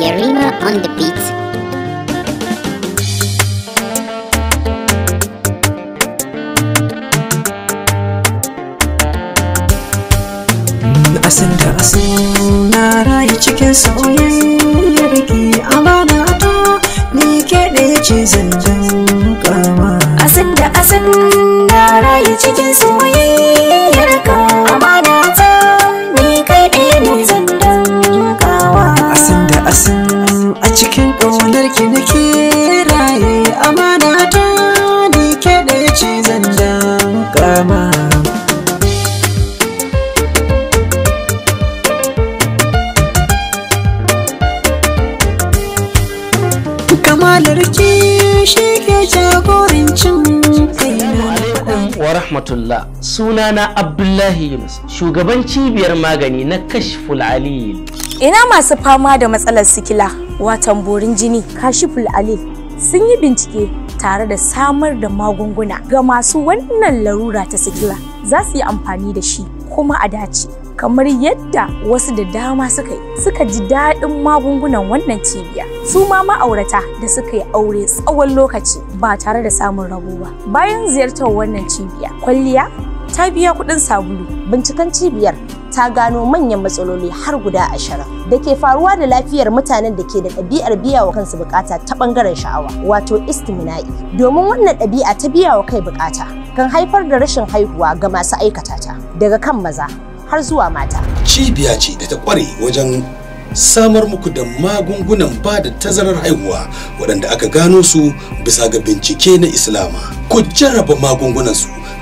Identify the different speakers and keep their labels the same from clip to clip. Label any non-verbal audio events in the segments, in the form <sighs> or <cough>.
Speaker 1: Yerima on the beat.
Speaker 2: asin da ra na
Speaker 3: rayu cikin soyayyar ki amana ta ni ke ɗaya ce zan dangawa asin da asin
Speaker 4: sunana abdullahi yunus shugaban cibiyar magani na kashful alil ina masu fama da matsalar sikila watan borin jini kashiful alil sun yi bincike tare da samar da magunguna ga masu wannan larura ta sikila za su yi amfani da shi kuma a dace kamar yadda wasu da dama suka yi suka ji daɗin magungunan wannan cibiya su ma ma'aurata da suka yi aure tsawon lokaci ba tare da samun rabo ba bayan ziyartar wannan cibiya kwalliya ta biya kuɗin sabulu. bincikan cibiyar ta gano manyan matsaloli har guda ashirin
Speaker 2: da ke faruwa da lafiyar mutanen da ke da ɗabi'ar biya wa kansu bukata ta ɓangaren sha'awa wato istimina'i. Domin wannan ɗabi'a ta biya wa kai bukata kan haifar da rashin haihuwa ga masu aikata ta daga kan maza har zuwa mata.
Speaker 5: Cibiya ce da ta ƙware wajen samar muku da magungunan ba da tazarar haihuwa waɗanda aka gano su bisa ga bincike na Islama. Ku jarraba magungunan su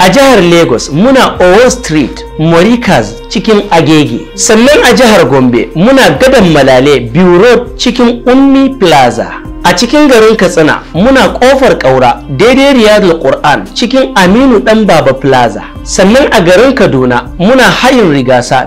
Speaker 4: a jihar lagos muna owo street morikas cikin agege sannan a jihar gombe muna gadon malale biyu road cikin ummi plaza a cikin garin katsina muna kofar kaura daidai riyadul qur'an cikin aminu dan baba plaza sannan a garin kaduna muna hayin rigasa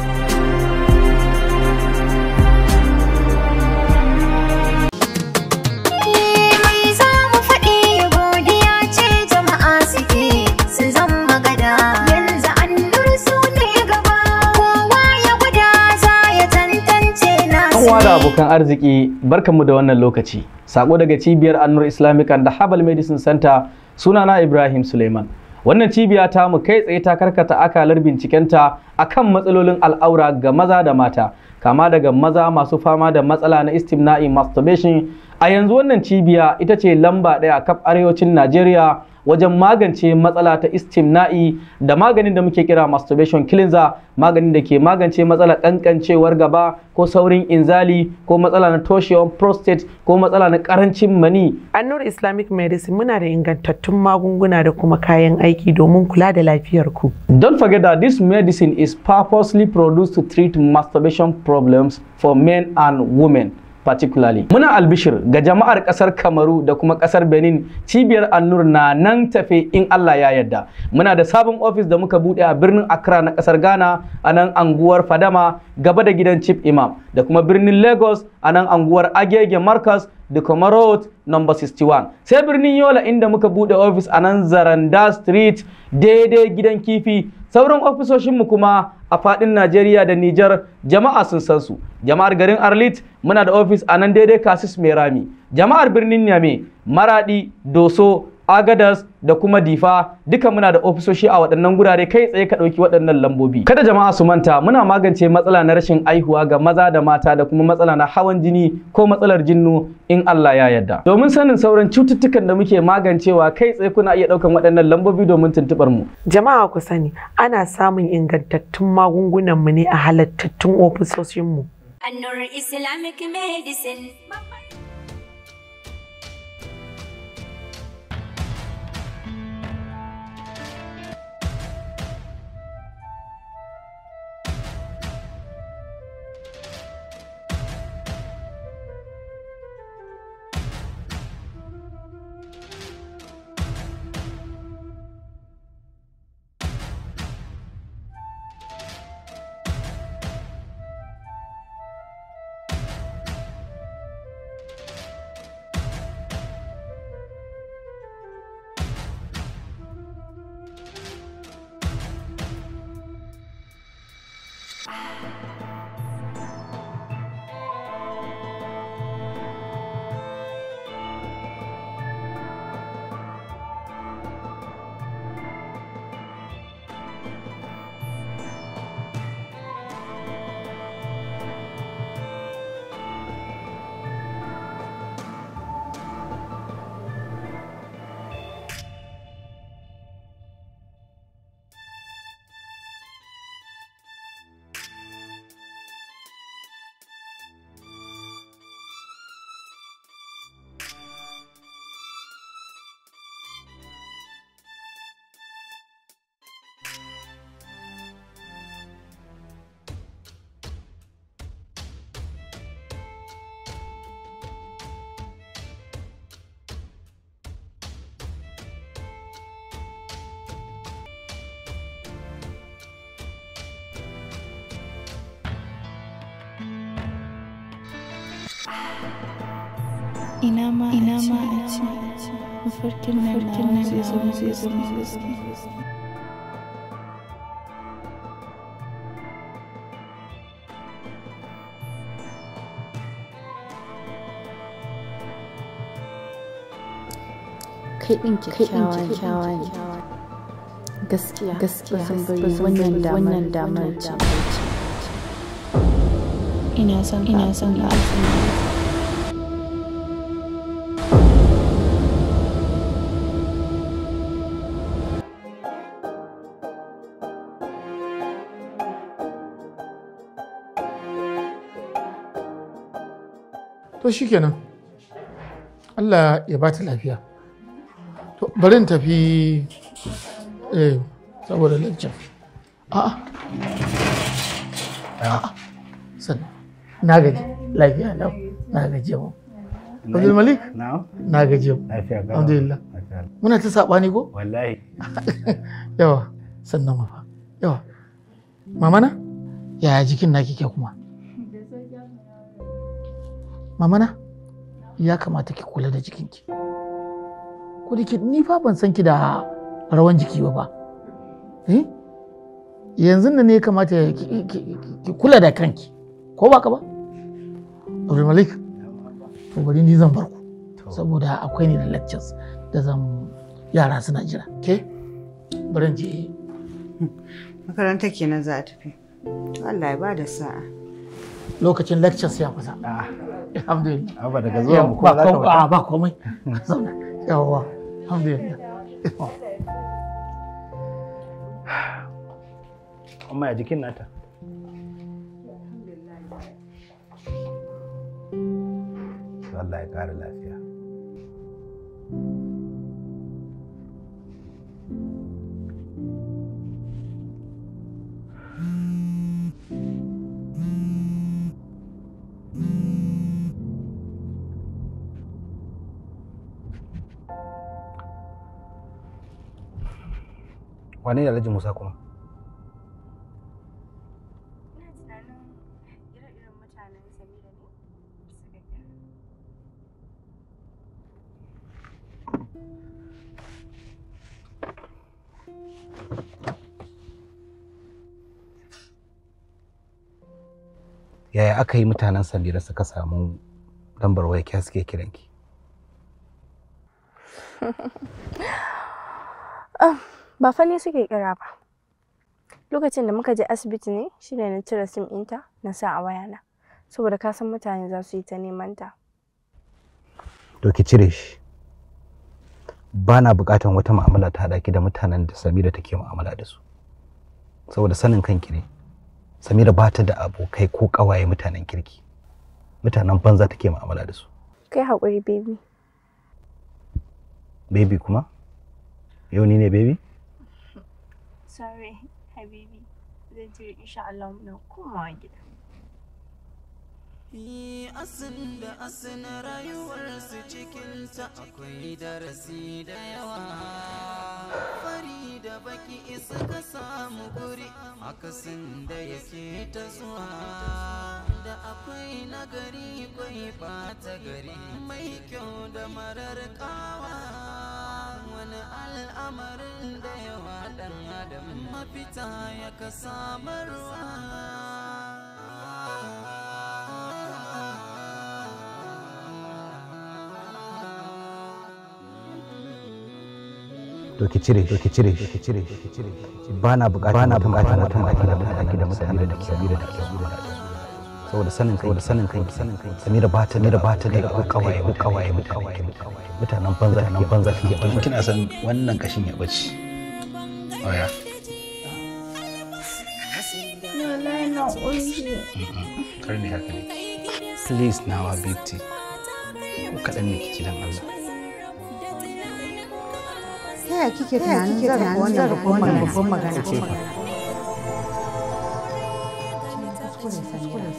Speaker 1: da
Speaker 6: abokan arziki barkanmu da wannan lokaci. Sako daga cibiyar Annur Islamic and Habal Medicine Center sunana Ibrahim Suleiman. Wannan cibiya ta mu kai tsaye ta karkata akalar bincikenta akan matsalolin al'aura ga maza da mata, kama daga maza masu fama da matsala na istimna'i masturbation. A yanzu wannan cibiya ita ce lamba ɗaya kaf arewacin Najeriya wajen magance matsala ta istimna'i da maganin da muke kira masturbation cleanser maganin da ke magance matsala kankancewar gaba ko saurin inzali ko matsala na toshewar prostate ko matsala na karancin mani annur islamic medicine muna da ingantattun magunguna da kuma
Speaker 7: kayan aiki domin kula da lafiyar ku
Speaker 6: don't forget that this medicine is purposely produced to treat masturbation problems for men and women particularly muna albishir ga jama'ar kasar kamaru da kuma kasar benin cibiyar annur na nan tafe in allah ya yadda muna da sabon ofis da muka bude a birnin accra na kasar ghana a nan anguwar fadama gaba da gidan chief imam da kuma birnin lagos a nan anguwar agege marcus the kuma road 61 sai birnin yola inda muka bude ofis a nan zaranda street daidai gidan kifi sauran ofisoshinmu kuma a fadin Najeriya da Nijar jama'a sun san su. Jama'ar garin Arlit muna da ofis a nan daidai Kasis Merami. Jama'ar birnin Niamey, Maradi, Doso, agadas da kuma difa duka muna da ofisoshi a waɗannan gurare kai tsaye ka ɗauki waɗannan lambobi kada jama'a su manta muna magance matsala na rashin aihuwa ga maza da mata da kuma matsala na hawan jini ko matsalar jinnu in Allah ya yarda domin sanin sauran cututtukan da muke magancewa kai tsaye kuna iya ɗaukan waɗannan lambobi domin tuntuɓar mu jama'a ku sani ana samun ingantattun magungunan mu ne a
Speaker 8: halattattun ofisoshin mu
Speaker 3: Annur Islamic Medicine inama inama ati mafarkin nan na zai zama zai zama
Speaker 1: gaske kai din kyakkyawa kyakkyawa ne
Speaker 3: gaskiya gaskiya bari wannan wannan damar ce ina son ina son ina son
Speaker 8: shi kenan Allah ya ba ta lafiya to bari in tafi eh saboda lecture a na gaji lafiya lau na gaji mu Abdul Malik? Na gaji mu. Alhamdulillah. Muna ta saɓani ko? Wallahi. <laughs> Yawa sannan mafa. Yawa. Mamana? Yaya jikin naki ke kuma? mamana ya kamata ki kula da jikinki ko da ni fa ban san ki da rawan jiki ba ba eh? yanzu nan ne ya kamata ki kula da kanki ko ba ka ba Abdul Malik to bari ni zan barku saboda akwai ni da lectures da zan yara suna jira ke bari je
Speaker 2: makaranta kenan za a tafi Allah ya ba da sa'a
Speaker 8: lokacin lectures ya kusa ah, alhamdulillah daga zuwa mu za ba komai yawwa alhamdulillah
Speaker 5: amma ya jikin nata Allah ya lafiya
Speaker 1: wane ne alhaji musa kuma
Speaker 5: yaya aka yi mutanen samira suka samu lambar waya suke kiranki
Speaker 1: <laughs>
Speaker 3: ba fa ne suke kira ba lokacin da muka je asibiti ne shine na cire sim ɗinta na sa a wayana saboda ka san mutane za su yi ta neman ta
Speaker 5: to ki cire shi ba na bukatan wata mu'amala ta haɗa ki da mutanen da Samira take mu'amala da su saboda sanin kanki ne Samira ba ta da abokai ko ƙawaye mutanen kirki mutanen banza take mu'amala da su
Speaker 3: kai haƙuri baby
Speaker 5: baby kuma yau ni ne baby
Speaker 3: sorry habibi zan ce insha Allah muna komawa gida
Speaker 9: Ni asin da asin rayuwarsu ta akwai darasi da yawa. Fari da baki isa ka samu guri akasin da yake ta zuwa. Da akwai nagari kwai ta gari mai kyau da marar kawa. wani al'amarin da yawa ɗan adam mafita ya ka samarwa
Speaker 5: doki cire na bukatar mutum a da mutane da sabira da da saboda sanin kai da sanin kai sanin kai samira ba ta mira ba ta da ko kawai ko kawai kawai mutanen banza nan banza ke ban kina san wannan kashin ya bace oya oh, kar ne haka ne please nawa beauty ko
Speaker 1: kaɗan ne kike dan Allah ta yaya kike tunanin zan wannan babban magana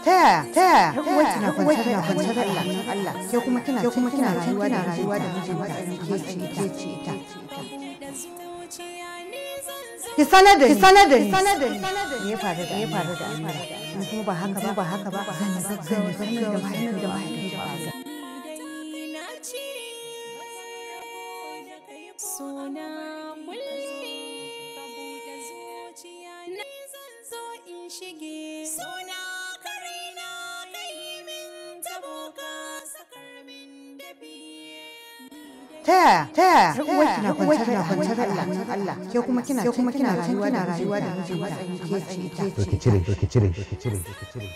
Speaker 1: ta yaya ta yaya
Speaker 7: ta kina kwanciyar da kwanciyar Allah Allah ke kuma kina kuma kina rayuwa da rayuwa da mijinta
Speaker 1: ke ce ke ce ki sanar da ni ki sanar da ni sanar da
Speaker 7: ni ya faru da ya faru da kuma ba haka ba ba haka ba zan zan
Speaker 1: zan ta
Speaker 7: yaya ta yaya ta kina kwantar da hannun Allah ke kuma kina ke kuma kina rayuwa da rayuwa da mijin matsayin ke ce to
Speaker 5: cire to cire to cire to cire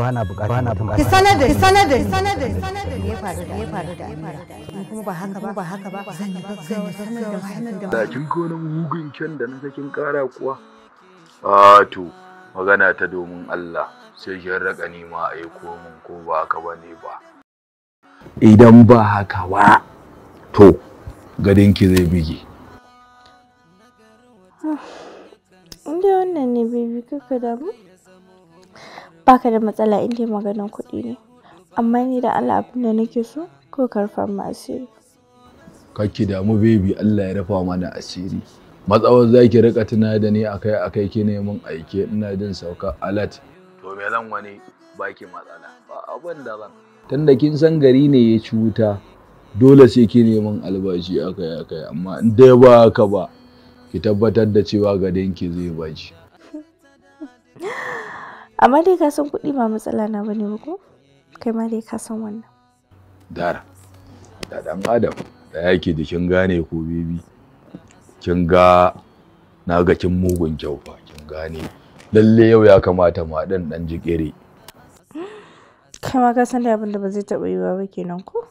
Speaker 5: ba na bukata ba na bukata ki sanar da ki sanar da ki sanar
Speaker 7: da da ya faru da ya faru da Amira kuma ba haka ba ba haka ba zan yi zan yi sanar da sanar da da
Speaker 10: kin ko nan hugun kyan da na sakin kara kuwa a to magana ta domin Allah sai kin raka nima a yi komin ko ba haka ba idan ba haka ba to gadinki zai bige
Speaker 3: ah, inda wannan ne baby kaka da mu baka da matsala inda maganan kuɗi ne amma ni da Allah abin da nake so ko karfa ma asiri
Speaker 10: da damu baby Allah ya rafa mana asiri matsawar zaki rika tuna da ni akai akai ki ne mun aike ina jin sauka alat to me zan wani baki matsala ba abin da tunda kin san gari ne ya ci wuta dole sai ki neman albashi akai akai amma in dai ba haka ba ki tabbatar da cewa gadonki zai baci
Speaker 3: <laughs> amma dai ka san kuɗi ba matsala na bane ba ko kai ma dai ka san wannan
Speaker 10: dara da dan adam da yake da kin gane ko bibi, kin ga na ga kin mugun kyau fa kin gane lalle yau ya kamata ma dan dan jikere
Speaker 3: kai ma ka san da abin da ba zai taba yiwa ba kenan ko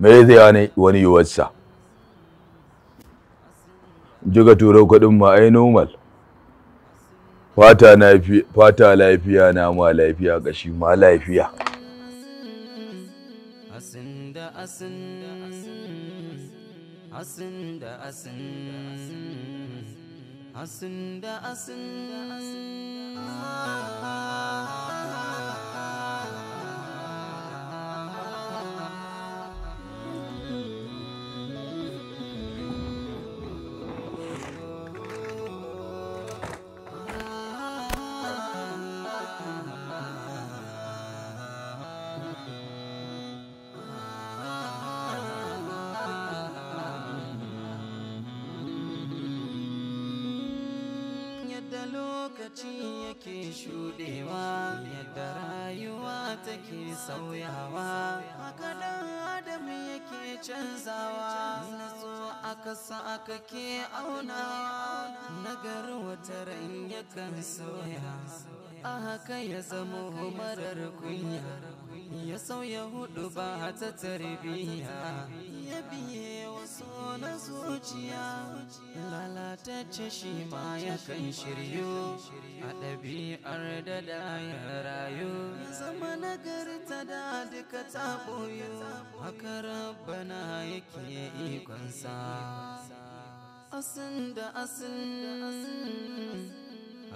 Speaker 10: me zai wani wani yiwuwarsa jiga turo kuɗin ma ai normal fata lafiya na ma lafiya gashi ma lafiya
Speaker 9: asin da asin kewa yadda rayuwa take sauyawa haka dan adam yake canzawa zo aka sa aka ke aunawa nagar wata ran yakan sauya a haka ya zamo marar kunya ya sauya hudu ba ta tarbiya ya biye wasu na zuciya ce shi ma ya kan shiryo a ɗabi'ar da da ya rayu ya zama nagarta da duka ta ɓoyo haka rabbana yake ikonsa asin da asin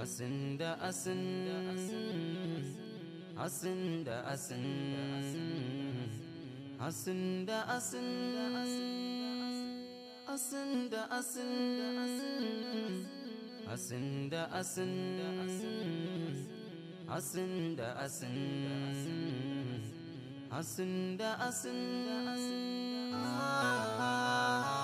Speaker 9: Aslında aslında aslında aslında aslında aslında aslında aslında aslında aslında aslında aslında aslında aslında aslında
Speaker 1: aslında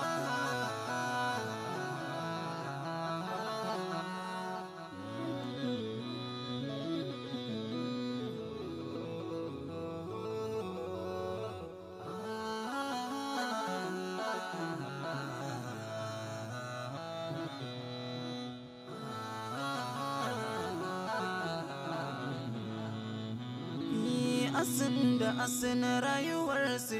Speaker 1: masu
Speaker 9: rayuwarsu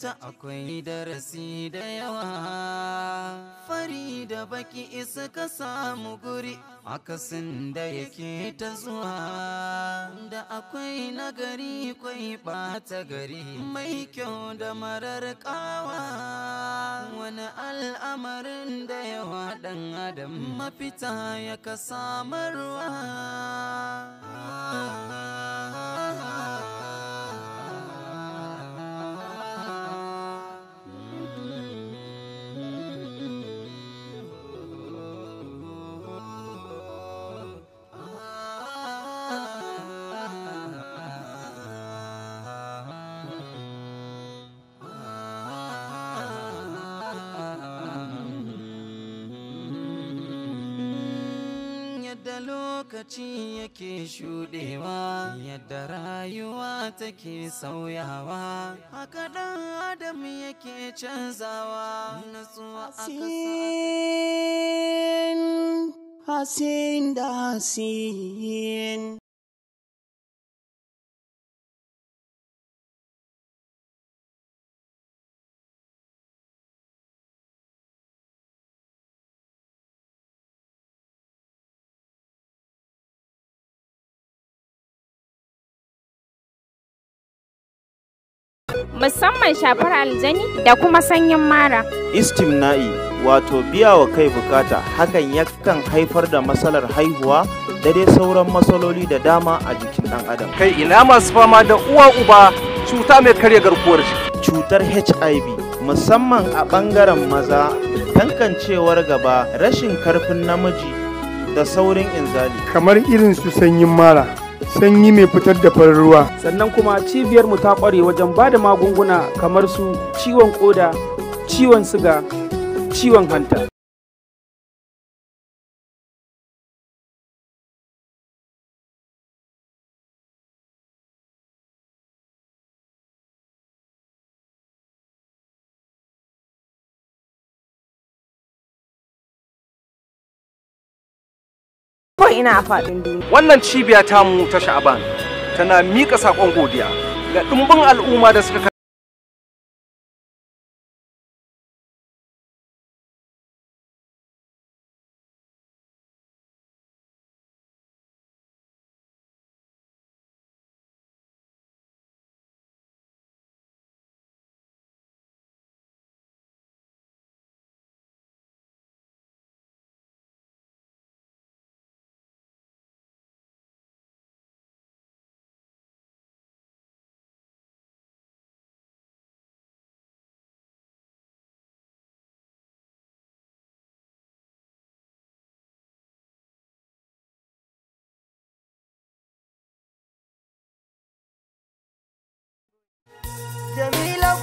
Speaker 9: ta akwai darasi da yawa fari da baki isa ka samu guri akasin da yake ta zuwa da akwai nagari kwai bata gari mai kyau da marar kawa wani al'amarin da yawa dan adam mafita ya ka samarwa take shuɗewa yadda rayuwa take sauyawa haka ɗan adam yake canzawa natsuwa kasa
Speaker 1: hasin da hasin musamman shafar aljani da kuma sanyin mara. Istimna'i wato biya wa kai bukata
Speaker 11: hakan yakan haifar da matsalar haihuwa da dai sauran matsaloli da dama a jikin ɗan adam. Kai ina masu fama da uwa uba cuta mai karya garkuwar jiki. Cutar HIV musamman a ɓangaren maza tankancewar gaba rashin karfin namiji da saurin inzali.
Speaker 12: Kamar irin su sanyin mara.
Speaker 11: sanyi mai fitar da farin ruwa sannan kuma cibiyar mu ta ƙware wajen ba da magunguna kamar
Speaker 1: su ciwon ƙoda ciwon siga ciwon hanta ina a faɗin duniya. Wannan cibiya tamu ta sha'aban tana miƙa saƙon godiya ga ɗumbin al'umma da suka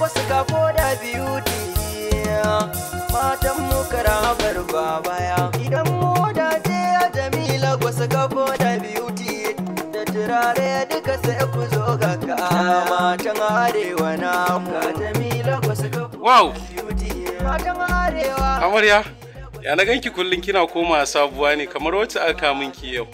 Speaker 1: wasu kafo da matan
Speaker 7: idan moda ce ya jamila da ku zo ga ka matan na
Speaker 2: jamila
Speaker 12: wow ya na ganki kullum kina koma sabuwa ne kamar wacce aka minki yau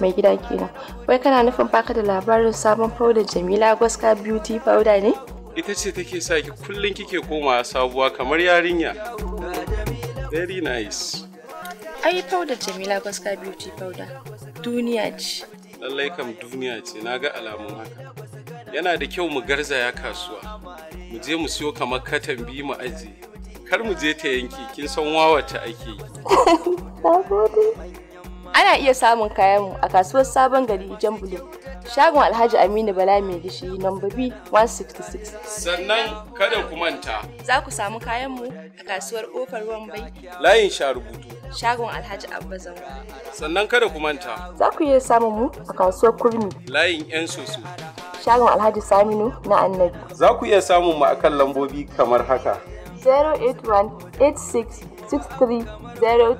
Speaker 2: mai gida
Speaker 3: kenan wai kana nufin baka da labarin sabon powder jamila Goska beauty powder ne
Speaker 12: ita ce take sa ki kullum kike komawa sabuwa kamar yarinya very nice
Speaker 3: ai powder jamila Goska beauty powder duniya ce
Speaker 12: lallai kam duniya ce na ga alamun haka yana da kyau mu garzaya kasuwa mu je mu siyo kamar katan bi mu aje. kar mu je ta yanki kin san wawata ake yi
Speaker 5: <laughs> Ana iya samun kayanmu a kasuwar
Speaker 4: Sabon Gari Jambulo, shagon Alhaji Aminu Bala mai gishiri namba B 166.
Speaker 12: Sannan kada ku manta.
Speaker 4: Za ku samu kayanmu a kasuwar Ofar Wambai.
Speaker 12: Layin sha rubutu.
Speaker 8: Shagon Alhaji Abba Zango.
Speaker 12: Sannan kada ku manta.
Speaker 4: Za ku iya samun mu a kasuwar Kurmi.
Speaker 12: Layin 'yan soso.
Speaker 4: Shagon Alhaji Saminu na Annabi.
Speaker 12: Za ku iya samun mu a kan lambobi kamar haka.
Speaker 4: 081 86 63
Speaker 3: 02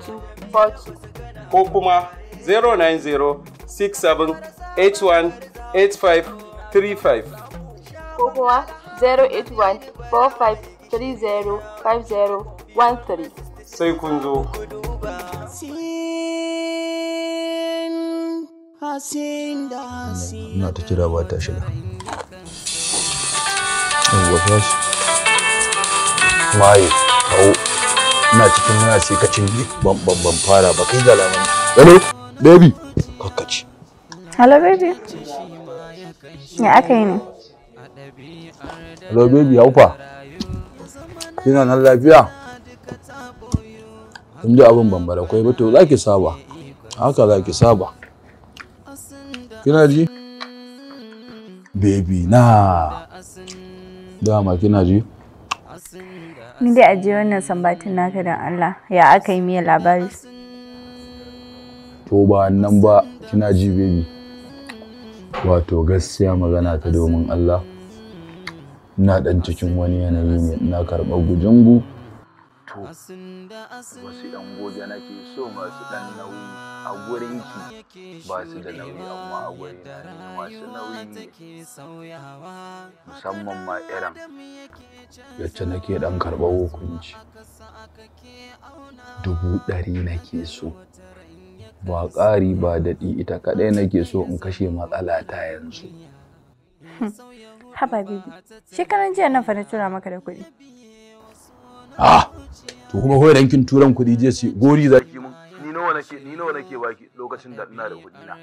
Speaker 3: 42.
Speaker 12: ko kuma 09067818535
Speaker 3: ko kuma
Speaker 4: 08145305013
Speaker 12: sai kun zo
Speaker 2: na ta kira ba ta shiga
Speaker 10: Mayu, ina cikin muna sai ka cin ban ban ban fara ba kai ga lamani gani baby ci.
Speaker 3: hello baby ya aka yi ne
Speaker 10: hello baby haufa kina nan lafiya in ji abin bambara kwai ba to za ki saba haka za ki saba kina ji baby na dama kina ji
Speaker 3: Ni dai ajiye wannan sambatin naka don Allah ya aka yi miya labari.
Speaker 10: To ba nan ba kina ji baby. Wato gaskiya magana ta domin Allah. Ina dan cikin wani yanayi ne ina karɓar gujungu.
Speaker 1: To wasu
Speaker 9: dan goge
Speaker 10: nake so masu ɗan nauyi. a gurin ki ba su da nauyi
Speaker 9: amma a gurin na masu nauyi musamman ma irin
Speaker 10: yacce nake dan karɓar hukunci dubu ɗari nake so ba ƙari ba daɗi ita kaɗai nake so in kashe matsala ta yanzu
Speaker 3: hmm. haba bibi shekaran jiya na fara tura maka da kuɗi
Speaker 10: ah to kuma kawai rankin turan kuɗi je su gori za nawa nake ni nawa nake baki lokacin da ina da kuɗi na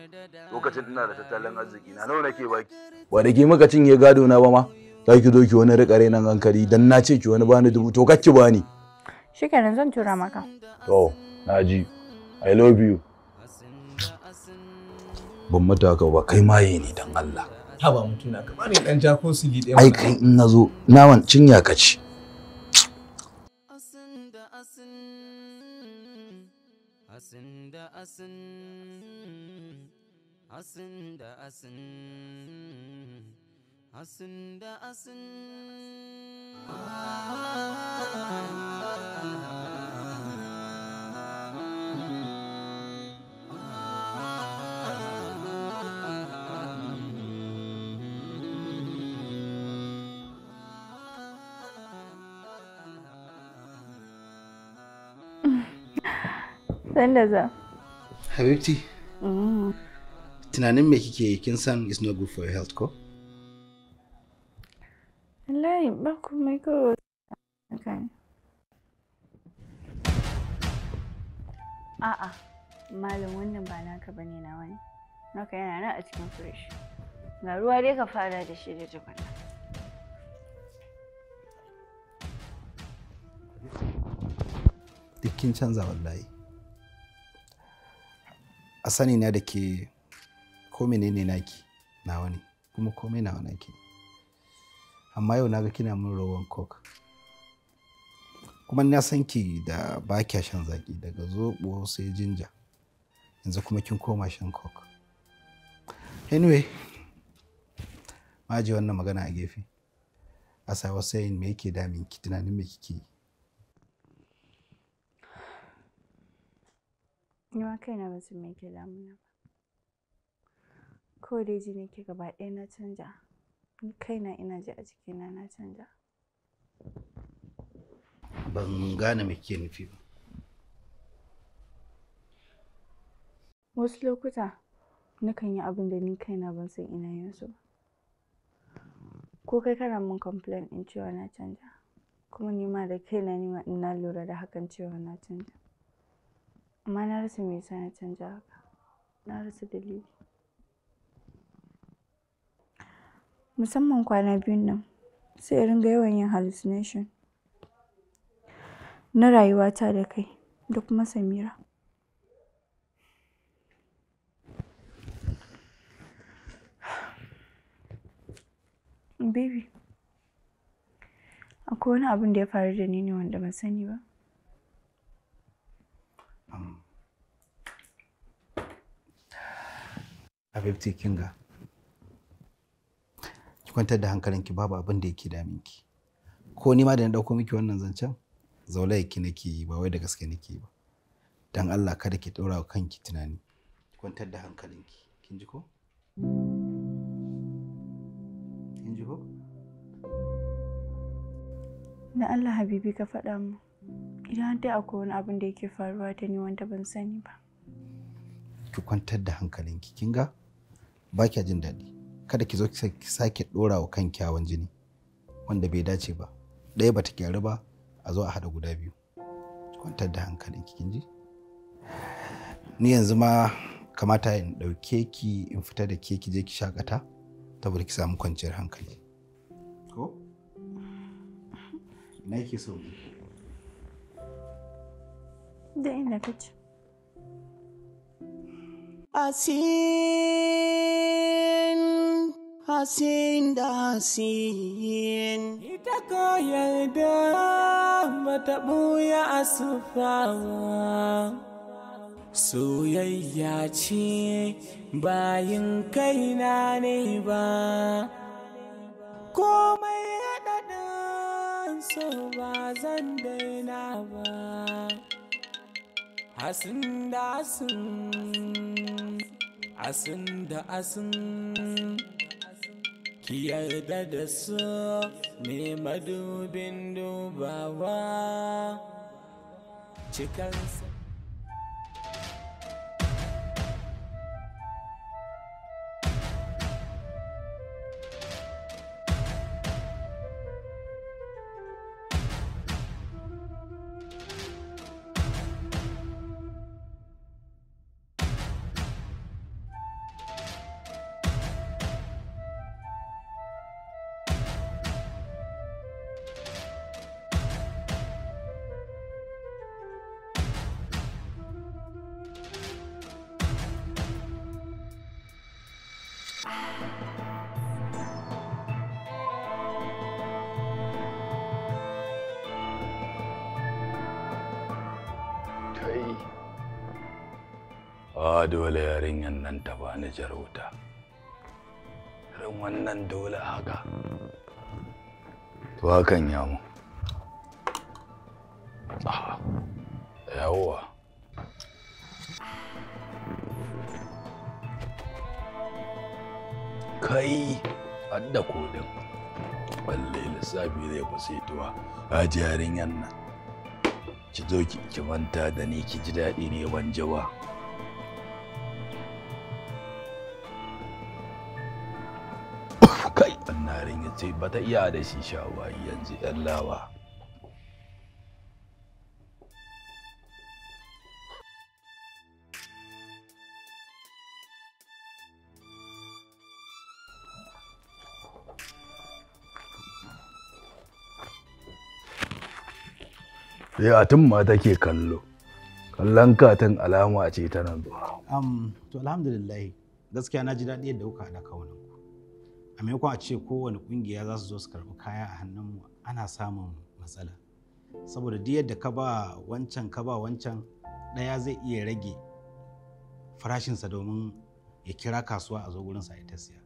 Speaker 3: lokacin ina da
Speaker 10: tattalin arziki na nawa nake baki wa da ke maka cinye gado na ba ma za ki zo ki wani riƙa renan hankali dan na ce ki wani bani dubu to kacci bani
Speaker 3: shikenan zan tura maka
Speaker 10: to naji i love you ban mata ka ba kai maye
Speaker 12: ne dan Allah ba mutuna ka bani dan jako sili dai ai kai in nazo
Speaker 10: naman cinya ka ci
Speaker 9: asin asin da asin asin da asin
Speaker 5: habibti tunanin me kike kin san is No good for your health ko
Speaker 3: wallahi ba komai ko a'a malam wannan ba naka bane na wani naka yana nan a cikin fresh ga ruwa dai ka fara da shi da tukunna
Speaker 5: duk canza wallahi a sani na da ke ne ne naki na wani kuma komai nawa naki amma yau naga kina min rawan coke kuma na san ki da ba kya shan zaki daga zobo sai jinja yanzu kuma kin koma shan coke anyway maji wannan magana a gefe a sawa sayin me yake damin ki tunanin me kike yi
Speaker 3: Ni ma kaina ban san me yake damuna ba. Kawai dai ji nake gaba ɗaya na canja. Ni kaina ina ji a cikina na canja.
Speaker 5: Ban gane me ke nufi ba.
Speaker 3: Wasu lokuta nakan yi abin da ni kaina ban san ina yin su ba. Ko kai kana min complain in cewa na canja, kuma ni ma da kaina ni ma na lura da hakan cewa na canja. amma na rasa me yasa na canza haka na rasa dalili musamman kwana biyun nan sai ya ringa yawan yin hallucination na rayuwata da kai da kuma samira <sighs> baby akwai wani abin da ya faru da ni ne wanda ban sani ba
Speaker 5: a 50 kinga ki kwantar da hankalinki babu abin da yake daminki ko ni ma da na dauko miki wannan zancen ki nake yi ba wai da gaske nake ba dan Allah kada ki daura wa kanki tunani ki kwantar da hankalinki kin ji ko kin ji ko
Speaker 3: na Allah habibi ka faɗa mu idan dai akwai wani abin da yake faruwa da ni wanda ban sani ba
Speaker 5: ki kwantar da hankalinki kin ga ba kya jin daɗi kada ki zo ki sake ɗora wa kan kyawun jini wanda bai dace ba ɗaya bata gyaru ba a zo a haɗa guda biyu kwantar da hankalin kin ji ni yanzu ma kamata in ɗauke ki in fita da ke ki je ki shakata saboda ki samu kwanciyar hankali ko ina so
Speaker 3: da kace Asin, asin da asin.
Speaker 13: Ita ko yarda bata ɓuya a sufawa. Soyayya ce bayin kaina ne ba, komai haɗaɗin so ba zan daina ba.
Speaker 11: asin da asin. asin da
Speaker 9: asin ki yarda da su ne madubin dubawa cikansu
Speaker 10: amma dole yarinyan nan ta bani jarauta irin wannan dole haka to hakan ya mu ah, yawwa kai adda kodin balle lissafi zai tuwa a jarin yan nan ki zo ki manta da ni ki ji daɗi ne ban jawa ce ba ta iya da shi shawayi
Speaker 11: yanzu yan lawa
Speaker 10: sai tun ma take kallo kallon katin alama ce ta nan zuwa.
Speaker 5: to alhamdulillah gaskiya na ji daɗi yadda kuka haɗa kawunan a maimakon a ce kowane kungiya za su zo su karɓi kaya a hannunmu ana samun matsala saboda duk yadda ka ba wancan ka ba wancan ɗaya zai iya rage farashinsa domin ya kira kasuwa a zo gurinsa a ita siya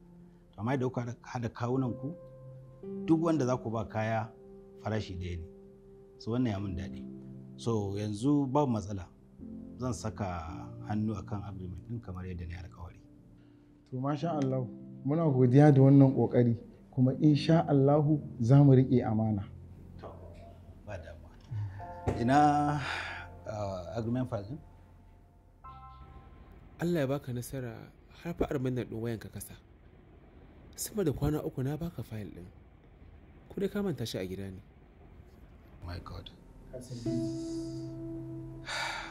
Speaker 5: to amma da kuka haɗa kawunan ku duk wanda za ku ba kaya farashi ɗaya ne so wannan ya mun daɗi so yanzu babu matsala zan saka hannu akan agreement ɗin kamar yadda na yi alkawari to masha Allah muna godiya da wannan kokari kuma insha Allahu za mu riƙe amana ina agreement ah, file Allah ya baka nasara har fa'ar minnan
Speaker 11: ɗin wayanka kasa sama da kwana uku na baka fayil ɗin ku dai ka manta
Speaker 5: shi a gida ne my god <sighs>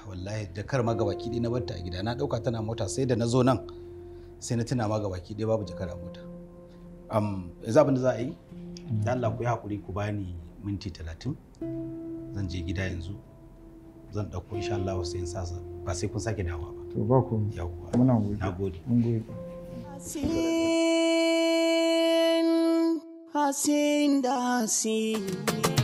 Speaker 5: wallahi da kar magabaki gabaki na barta a gida na ɗauka tana mota sai da na zo nan sai na tuna ma ga baki ɗaya babu jakar a mota um, yanzu abin da za a yi da Allah ku yi haƙuri ku bani minti talatin zan je gida yanzu zan ɗauko insha Allah wasu yin sasa ba sai kun sake dawowa ba. To ba ku. Yawwa. Muna gode. Na gode. Mun gode.
Speaker 13: Hasin, Hasin da Hasin.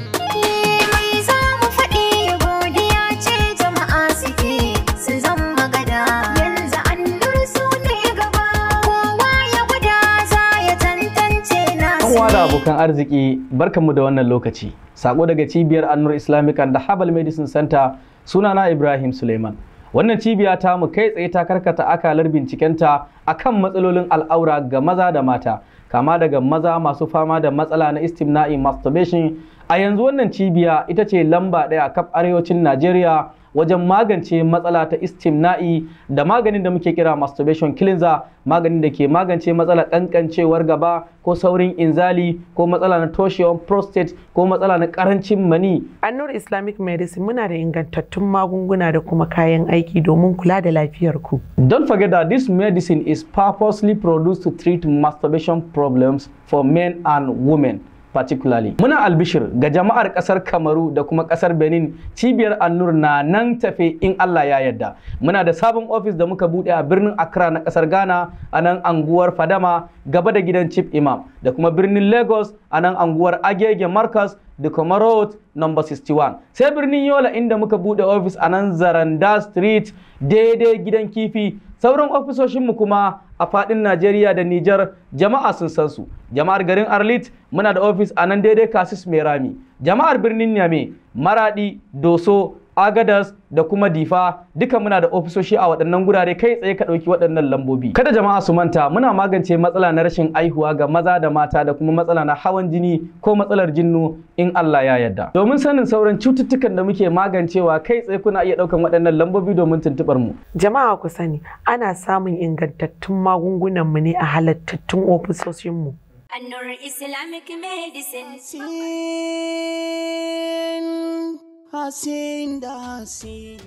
Speaker 1: Matasa
Speaker 6: abokan arziki barkanmu da wannan lokaci. Sako daga cibiyar Annur Islamic da Habal Medicine Center sunana Ibrahim Suleiman. Wannan cibiya ta mu kai tsaye ta karkata akalar bincikenta a kan matsalolin al'aura ga maza da mata, kama daga maza masu fama da matsala na istimna'i masturbation. A yanzu wannan cibiya ita ce lamba ɗaya kaf arewacin Najeriya wajen magance matsala ta istimna'i da maganin da muke kira masturbation cleanser maganin da ke magance matsala kankancewar gaba ko saurin inzali ko matsala na toshewar prostate ko matsala na karancin mani. nur Islamic Medicine muna da ingantattun magunguna da
Speaker 7: kuma kayan aiki domin kula da lafiyar ku.
Speaker 6: Don't forget that this medicine is purposely produced to treat masturbation problems for men and women. particularly muna albishir ga jama'ar ƙasar kamaru da kuma ƙasar benin cibiyar annur na nan tafe in allah ya yadda muna da sabon ofis da muka buɗe a birnin accra na kasar ghana a nan anguwar fadama gaba da gidan chief imam da kuma birnin lagos a nan anguwar agege marcus da kuma road 61 sai birnin yola inda muka buɗe ofis a nan zaranda street daidai gidan kifi sauran ofisoshinmu kuma a faɗin Najeriya da Nijar jama'a sun san su. Jama'ar garin Arlit muna da ofis a nan daidai Kasis Merami. Jama'ar birnin Niamey, Maradi, Doso, agadas da kuma difa duka muna da ofisoshi a waɗannan gurare kai tsaye ka ɗauki waɗannan lambobi kada jama'a su manta muna magance matsala na rashin aihuwa ga maza da mata da kuma matsala na hawan jini ko matsalar jinnu in Allah ya yarda domin sanin sauran cututtukan da muke magancewa kai tsaye kuna iya ɗaukan waɗannan lambobi domin tuntuɓar mu jama'a ku sani ana samun ingantattun magungunan mu
Speaker 8: ne a halattattun ofisoshin mu
Speaker 13: Annur Islamic Medicine Hasin da hasiri.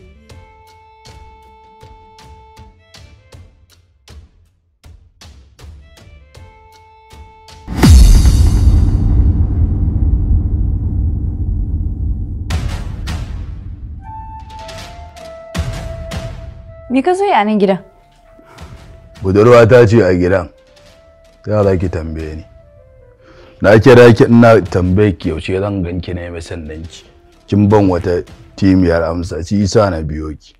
Speaker 3: Me ka zo a nan gidan?
Speaker 10: Budurwa ta ce a gidan. Ta za ki tambaye ni. Na kira ki ina tambaye ki yaushe zan ganki ne mai kin ban wata timiyar amsa ci isa na biyo ki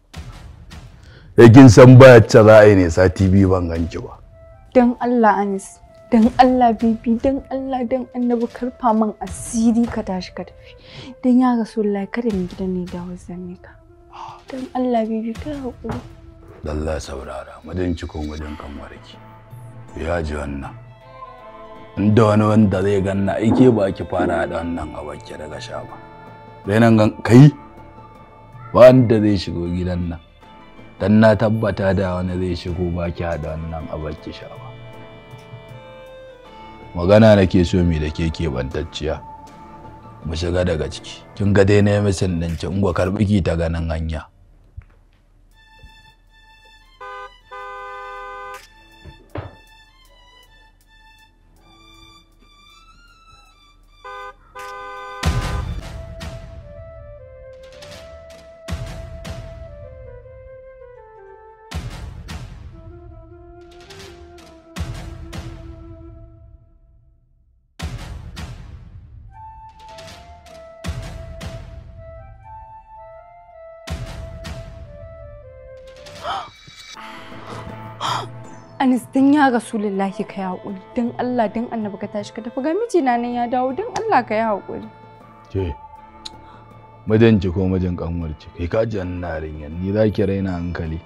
Speaker 10: da eh, kin san ba ta ra'ayi ne sati biyu ban ganki ba
Speaker 3: don Allah Anis don Allah bibi don Allah Dan annabi karfa man asiri ka tashi ka tafi don ya ga sullahi kada ni gidan ne wazan ne ka don Allah bibi ka dan
Speaker 10: Allah saurara madanci cikon wajen kan warki ya ji wannan inda wani wanda zai ganna aike ba ki fara da wannan a daga sha ba renan gan kai wanda zai shigo gidan nan dan na tabbata da wani zai shigo ba ki haɗa wannan a baki sha ba magana nake so mi da ke keɓantacciya mu shiga daga ciki kin ga dai na yi misin ɗin ki ki ta ganin hanya
Speaker 3: Anis ya Rasulullahi ka yi haƙuri don Allah don annabi ka tashi ka tafi ga mijina nan ya dawo don Allah ka yi haƙuri.
Speaker 10: Ke majanci ko majan kanwarci kai ka ji annarin yan ni za raina hankali.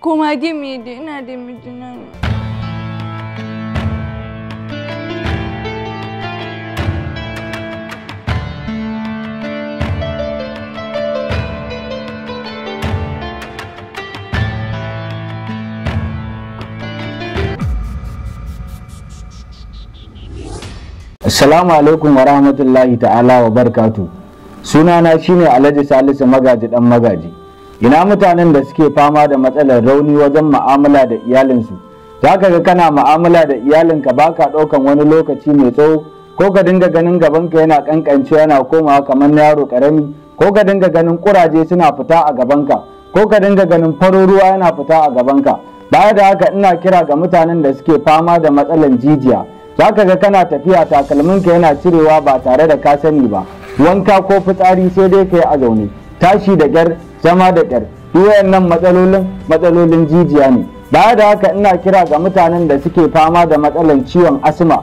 Speaker 3: Kuma gimi da ina da mijina ne.
Speaker 14: Assalamu alaikum wa rahmatullahi ta'ala wa barkatu. Sunana shine Alhaji Salisu Magaji dan Magaji. Ina mutanen da suke fama da matsalar rauni wajen ma'amala da iyalinsu. Za ka ga kana ma'amala da iyalinka baka ɗaukan wani lokaci mai tsawo ko ka dinga ganin gabanka yana kankance yana komawa kamar na yaro karami ko ka dinga ganin kuraje suna fita a gabanka ko ka dinga ganin faruruwa yana fita a gabanka. Baya da haka ina kira ga mutanen da suke fama da matsalar jijiya. za ka ga kana tafiya takalminka yana cirewa ba tare da ka sani ba wanka ko fitsari sai dai ka yi a zaune tashi da ƙyar zama da ƙyar duk nan matsalolin matsalolin jijiya ne baya da haka ina kira ga mutanen da suke fama da matsalan ciwon asma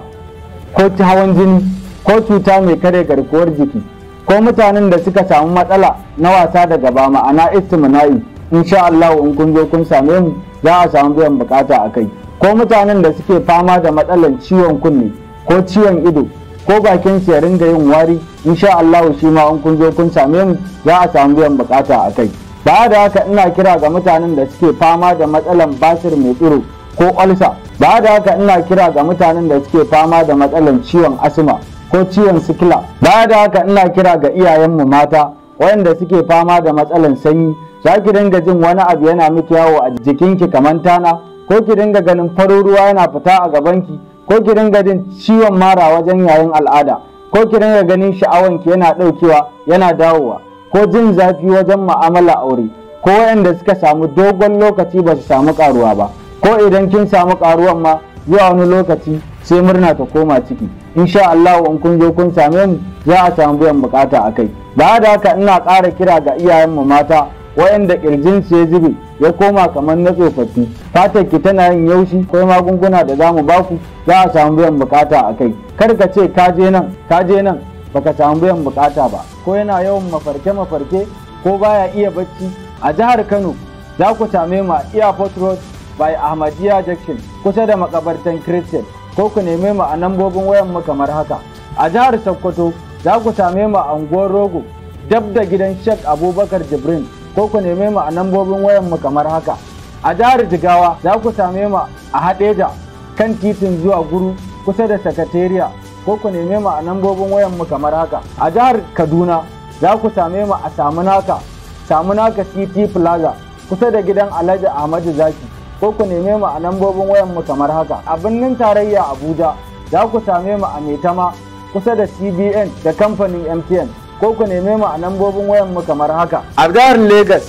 Speaker 14: ko hawan jini ko cuta mai kare garkuwar jiki ko mutanen da suka samu matsala na wasa da gaba ma'ana istimna'i insha Allah in kun je kun same mu za a samu biyan bukata a kai ko mutanen da suke fama da matsalar ciwon kunne ko ciwon ido ko bakin su ya ringa yin wari insha Allah shi ma in kun zo kun same mu za a samu biyan bukata a kai ba da haka ina kira ga mutanen da suke fama da matsalar basir mai tsiro ko olsa ba da haka ina kira ga mutanen da suke fama da matsalar ciwon asma ko ciwon sikila ba da haka ina kira ga iyayenmu mata waɗanda suke fama da matsalar sanyi za ki dinga jin wani abu yana miki yawo a jikinki kamar tana ko ki dinga ganin farin ruwa yana fita a gabanki ko ki dinga jin ciwon mara wajen yayin al'ada ko ki dinga ganin sha'awanki yana ɗaukewa yana dawowa ko jin zafi wajen mu'amala aure ko waɗanda suka samu dogon lokaci ba su samu karuwa ba ko idan kin samu karuwan ma zuwa wani lokaci sai murna ta koma ciki insha Allah in kun zo kun same mu za a samu biyan bukata akai ba da haka ina ƙara kira ga iyayen mu mata waɗanda su ya zube ya koma kamar na tsofaffi fatar ki tana yin yaushi kai magunguna da zamu baku za a samu biyan bukata a kai kar ka ce ka je nan ka je nan baka samu biyan bukata ba ko yana yawan mafarke mafarke ko baya iya bacci a jihar Kano za ku same mu a Airport Road by Ahmadiyya Junction kusa da makabartan Christian ko ku neme mu a nambobin wayan mu kamar haka a jihar Sokoto za ku same mu a unguwar Rogo dab da gidan Sheikh Abubakar Jibrin ko ku neme mu a nambobin wayan mu kamar haka a jihar jigawa za ku same mu a haɗeja kan titin zuwa guru kusa da sakatariya ko ku neme mu a nambobin wayan mu kamar haka a jihar kaduna za ku same mu a samunaka samunaka city plaza kusa da gidan alhaji ahmadu zaki ko ku neme mu a nambobin wayan mu kamar haka a birnin tarayya abuja za ku same mu a maitama kusa da cbn da kamfanin mtn ko ku neme mu a lambobin wayan mu kamar haka. A jihar Legas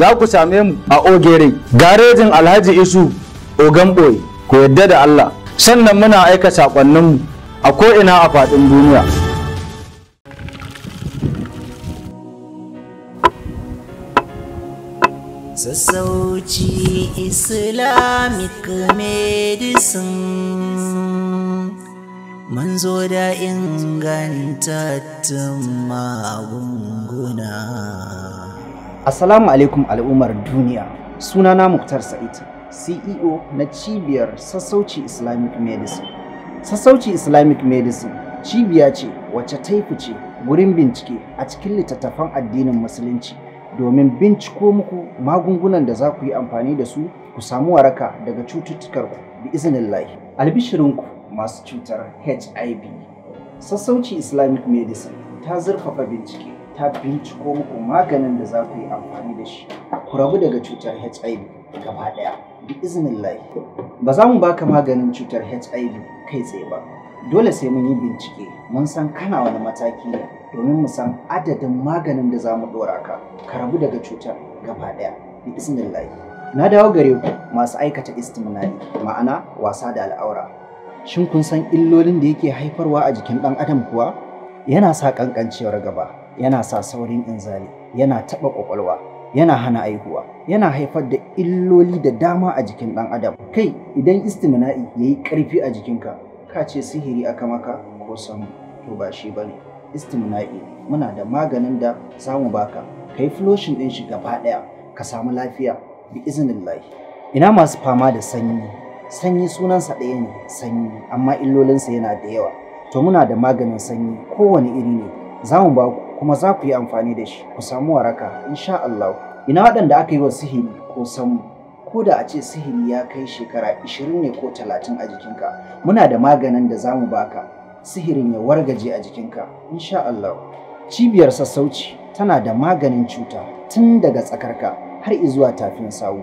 Speaker 14: za ku same mu a Ogere, garejin Alhaji Isu Ogamboy ku yadda da Allah. Sannan muna aika mu a ko'ina a faɗin duniya.
Speaker 2: Sassauci Islamic Medicine mun zo da ingantattun magunguna. Assalamu alaikum al'ummar duniya, sunana Muktar Sa'id, CEO na cibiyar Sassauci Islamic Medicine. Sassauci Islamic Medicine cibiya ce wacce ta fice gurin bincike a cikin littattafan addinin Musulunci domin binciko muku magungunan da za ku yi amfani da su ku samu waraka daga cututtukarku bi izinin Albishirinku masu cutar HIV. Sassauci Islamic Medicine ta zurfafa bincike ta binciko muku maganin da za ku yi amfani da shi ku rabu daga cutar HIV gaba ɗaya bi izinin Ba za mu baka maganin cutar HIV kai tsaye ba. Dole sai mun yi bincike mun san kana wani mataki ne domin mu san adadin maganin da za mu ɗora ka ka rabu daga cutar gaba ɗaya bi izinin Na dawo gare ku masu aikata istimnani ma'ana wasa da al'aura Shin kun san illolin da yake haifarwa a jikin ɗan adam kuwa? Yana sa ƙanƙancewar gaba, yana sa saurin inzali, yana taɓa ƙwaƙwalwa, yana hana aihuwa, yana haifar da illoli da dama a jikin ɗan adam. Kai idan istimna'i ya yi ƙarfi a jikinka, ka ce sihiri aka maka ko san to ba shi ba ne. Istimna'i muna da maganin da za mu baka, ka yi floshin ɗin shi gaba ɗaya, ka samu lafiya bi izinin Ina masu fama da sanyi sanyi sunansa ɗaya ne sanyi amma illolinsa yana da yawa to muna da maganin sanyi kowane iri ne za mu ba kuma za ku yi amfani da shi ku samu waraka insha Allah ina waɗanda aka yi wa sihiri ko samu ko da a ce sihiri ya kai shekara 20 ne ko 30 a jikinka muna da maganin da za mu baka sihirin ya wargaje a jikinka insha Allah cibiyar sassauci tana da maganin cuta tun daga tsakarka har izuwa tafin sawu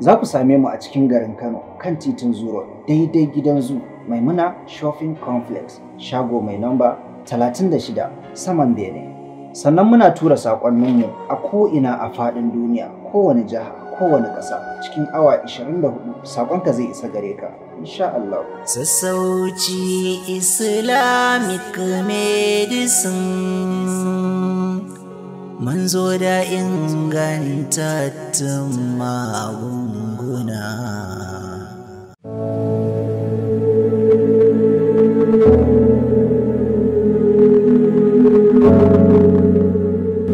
Speaker 2: za ku same mu a cikin garin Kano kan titin Zuro daidai gidan zu Maimuna Shopping Complex shago mai namba 36 saman Bene. Sannan muna tura saƙonninmu a ko'ina a faɗin duniya kowane jiha kowane ƙasa cikin awa 24 saƙonka zai isa gare ka. Insha Allah. Sassauci Islamic Medicine. mun zo da ingantattun magunguna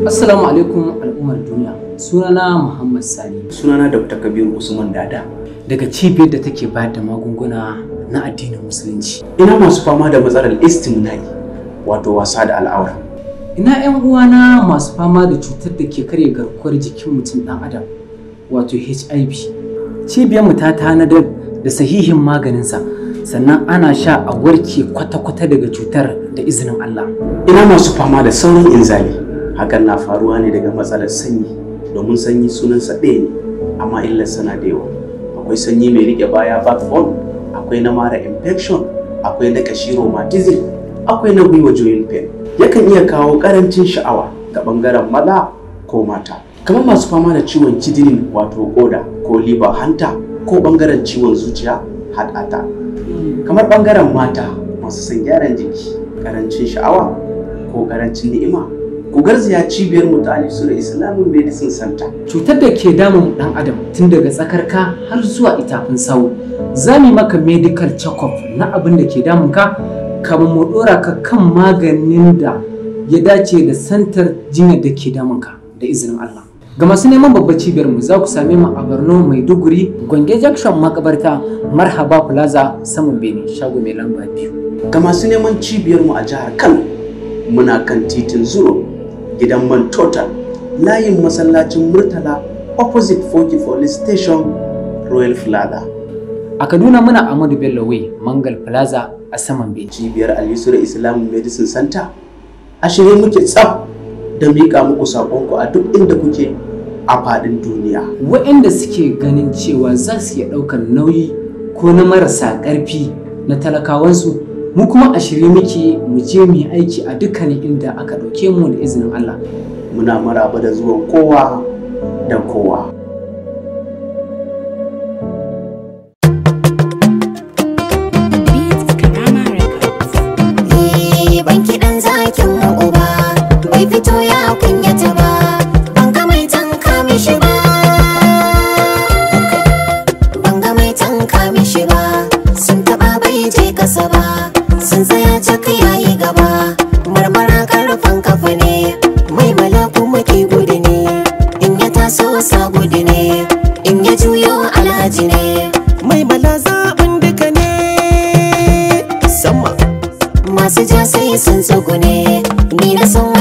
Speaker 11: Assalamu alaikum al'ummar duniya sunana Muhammad Sani sunana Dr. Kabiru Usman Dada daga cibiyar da take bayar da magunguna na addinin musulunci ina masu fama da matsalar istimnai wato wasa da al'aura ina 'yan uwana masu fama da cutar da ke karya garkuwar jikin mutum ɗan adam wato hiv cibiyarmu ta tanadar da sahihin maganinsa sannan ana sha a warke kwata-kwata daga cutar da izinin allah ina masu fama da saurin inzali hakan na faruwa ne daga matsalar sanyi domin sanyi sunansa ɗaya ne amma illar sana da yawa akwai sanyi mai rike baya backbone akwai na mara infection akwai na kashi rheumatism akwai na gwiwa joint pain yakan iya kawo ƙarancin sha'awa ga bangaren maza ko mata kamar masu fama da ciwon kidinin wato koda ko liver hanta ko bangaren ciwon zuciya heart kamar ɓangaren mata masu son gyaran jiki karancin sha'awa ko karancin ni'ima ku garziya cibiyar mu ta Alisura Islamic Medicine Center. Cutar da ke damun dan adam tun daga tsakar ka har zuwa itafin sawu. Za maka medical check-up na abin da ke damun ka kamar mu ɗora ka kan maganin da ya dace da santar jinyar da ke damunka da izinin Allah. Ga masu neman babbar cibiyar mu za ku same mu a Borno Maiduguri, Gwange Junction makabarta, Marhaba Plaza, saman Bene, shago mai lamba biyu. Ga masu neman cibiyar mu a jihar Kano, muna kan titin Zuro, gidan man Total, layin masallacin Murtala, opposite Foki Police Station, Royal Plaza. A Kaduna muna Amadu Bello Way, Mangal Plaza a saman Bene. Cibiyar Al-Yusra Islamic Medicine Center a shirye muke tsaf da miƙa muku saƙonku a duk inda kuke a faɗin duniya. Waɗanda suke ganin cewa za su iya ɗaukar nauyi ko na marasa ƙarfi na talakawansu mu kuma a shirye muke mu je mu aiki a dukkanin inda aka ɗauke mu da izinin Allah. Muna maraba da zuwa kowa da kowa.
Speaker 7: são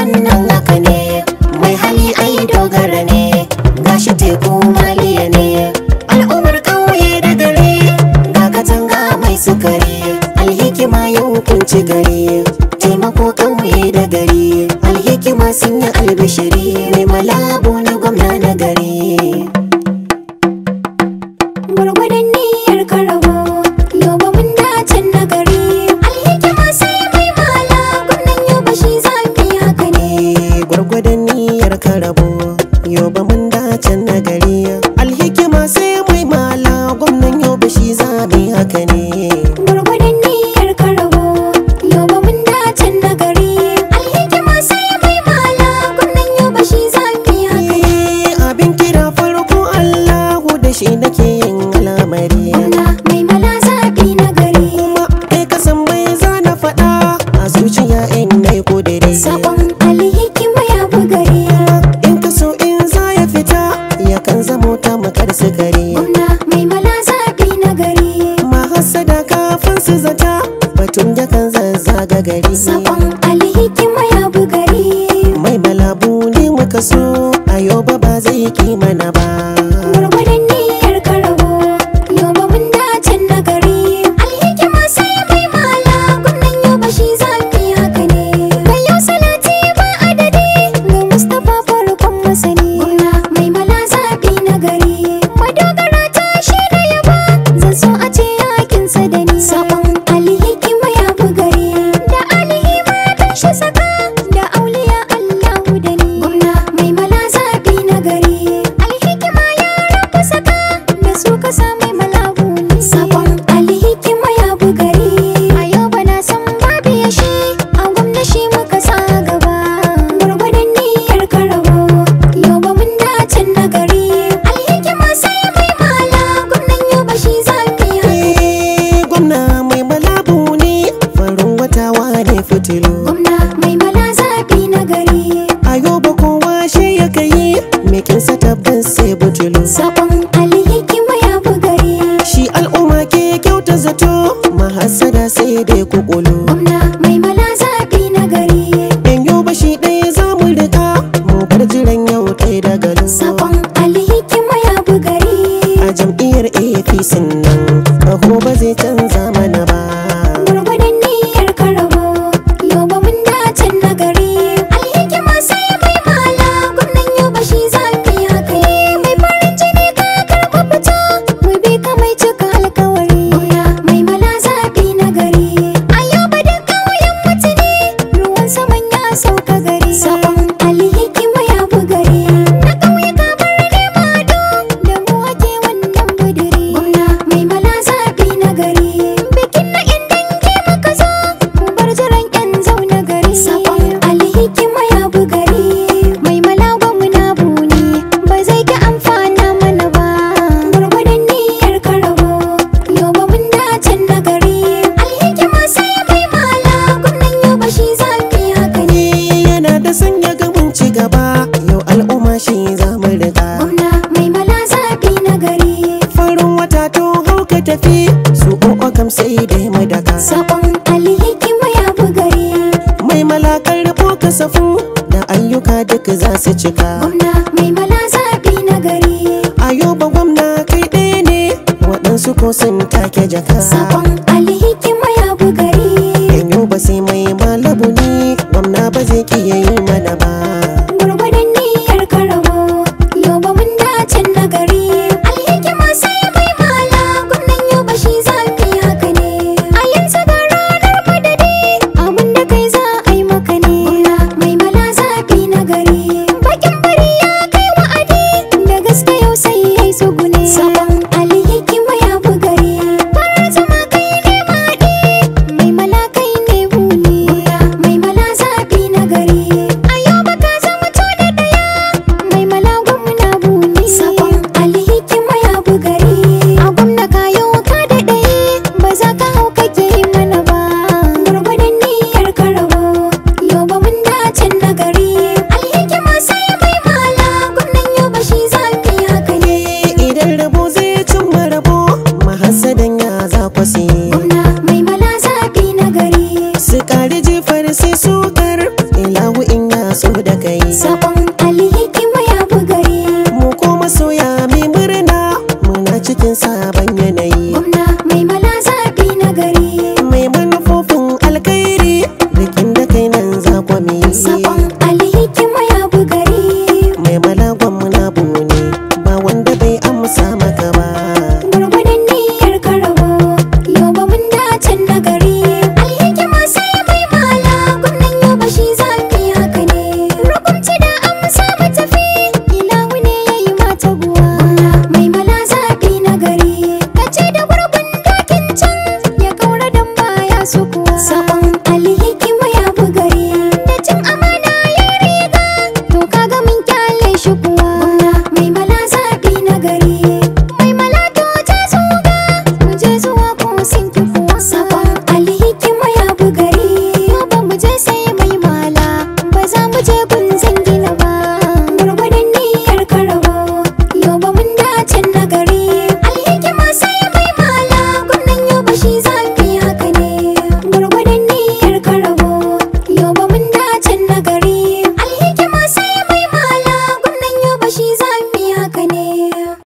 Speaker 7: cika. gwamna mai mala zaɓi na gari ba gwamna kai ɗaya ne waɗansu ko sun take jaka